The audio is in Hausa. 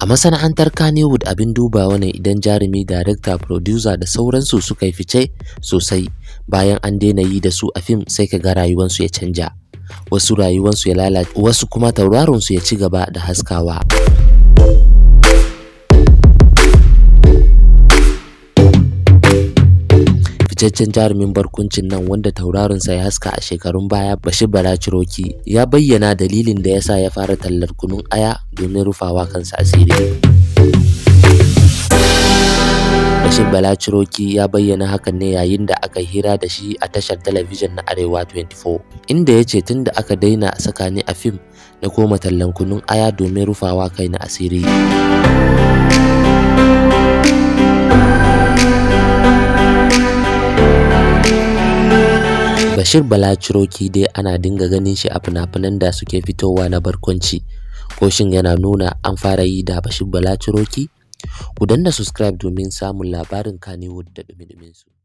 A masana'antar Kannywood abin duba ne idan jarumi, darekta, producer da sauransu suka yi fice sosai bayan an daina yi da su a fim sai ka ga rayuwansu ya canja. Wasu rayuwansu ya lalace, wasu kuma tauraronsu ya ci gaba da haskawa. fitaccen jarumin barkuncin nan wanda taurarinsa ya haska a shekarun baya bashi Bala Ciroki ya bayyana dalilin da yasa ya fara tallar kunun aya domin rufawa kansa asiri. Bashir Bala Ciroki ya bayyana hakan ne yayin da aka hira da shi a tashar talabijin na Arewa 24, inda ya ce tun da aka daina saka ni a fim na koma tallan kunun aya domin rufawa kai na asiri. Bashir Bala Ciroki dai ana dinga ganin shi a fina-finan da suke fitowa na barkwanci. Ko shin yana nuna an fara yi da Bashir Bala Ciroki? Ku danna subscribe domin samun labarin Kannywood da dumi su.